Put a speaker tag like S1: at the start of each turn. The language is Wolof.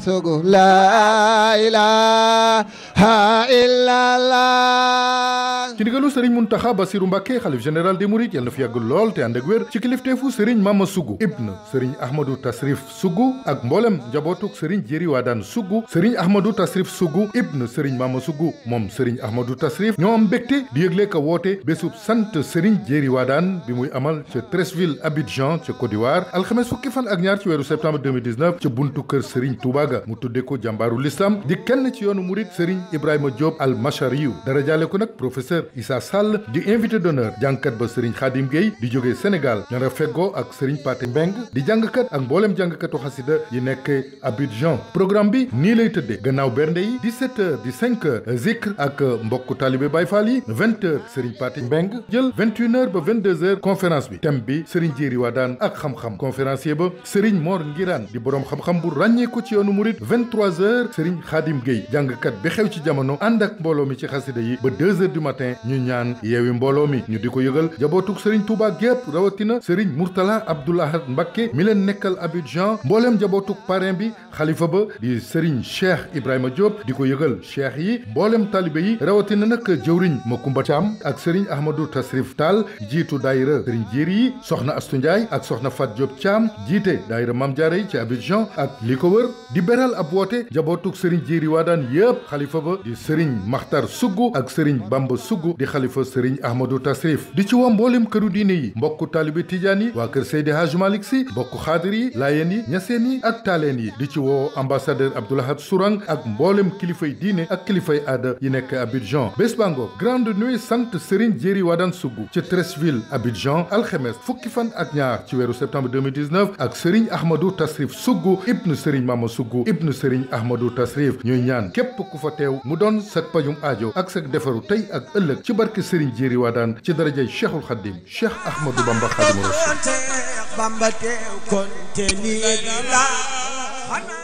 S1: sugu laa ilaaha illallah. ci ndigalu Serigne Mountakha Bassirou Mbacké xalif général des Mourides yal na fi yàgg lool te ànd ak wér ci kilifteefu Serigne Mama Sougou ibn Serigne Ahmadou Tasrif Sougou ak mboolem njabootuk Serigne Jéeri Waadaan Sougou Serigne Ahmadou Tasrif Sougou ibn Serigne ma Sougou moom Serigne Ahmadou Tasrif ñoo am mbégte di yëgle ka woote bésub sant Serigne Jéeri daan bi muy amal ca Treichville Abidjan ca Côte d'Ivoire alxames sukki fan ak ñaar ci weeru septembre ca buntu kër Serigne Touba Baga mu tudde ko jàmbaaru l'islam di kenn ci yoonu murit Serigne Ibrahima Diop al machariyu dara jaale ko nag professeur Issa Sall di invité d'honneur jàngkat ba Serigne Khadim Gueye di jógee Sénégal nara feggoo ak Serigne Pathé Mbeng di jàngkat ak mbooleem jàngkatu xasida yi nekk Abidjan programme bi nii lay tëddee gannaaw bernde yi 17 di 5 heures zikr ak mbokk talibé Baye Fall yi 20 heures Serigne Pathé Mbeng jël 21 heures ba 22 bi thème bi Serigne Jéeri Wadaan ak xam Mouride 23h Serigne Khadim Gueye jàngkat bi xew ci jamono ànd ak mbooloo mi ci xasida yi ba 2h du matin ñu ñaan yeewi mbooloo mi ñu di ko yëgal jabootug sëriñ Touba gépp rawatina Serigne Mourtala Abdoulahad Mbacké mi leen nekkal Abidjan mbooleem jabootug parrain bi xalifa ba di Serigne Cheikh Ibrahima Diop di ko yëgal cheikh yi mboolem taaliba yi rawatina nag jëwriñ ma Makumba Thiam ak Serigne Ahmadou Tasrif Tall jiitu daayira Serigne Jiir yi soxna Astou Ndiaye ak soxna Fat Diop Thiam jiite daayira Mame Diarra ci Abidjan beral ab woote jabootug sëriñ Jéeri Waadaan yépp xalifa ba di sëriñ Maxtar Sugg ak sëriñ Bamba Sugg di xalifa sëriñ Ahmadou Tasrif di ci woo mboolem këru diine yi mbokku taalibe tijaan yi waa kër Seydi Haj Malik Si mbokku xaadir yi laayeen yi ñaseen yi ak taaleen yi di ci woo ambassadeur Abdoulahad Sourang ak mboolem kilifay diine ak kilifay aada yi nekk Abidjan bés bango grande nuit sant sëriñ Jéeri Waadaan Sugg ci Treichville Abidjan alxemes fukki fan ak ñaar ci weeru septembre 2019 ak sëriñ Ahmadou Tasrif Sugg ibnu sëriñ Mama Gakou ibnu Serigne Ahmadou Tasrif ñuy ñaan képp ku fa teew mu doon sag pajum aajo ak sag defaru tey ak ëllëg ci barke Serigne Jéeri Wadaan ci darajay Cheikhul Khadim Cheikh Ahmadou Bamba Khadimu Rasul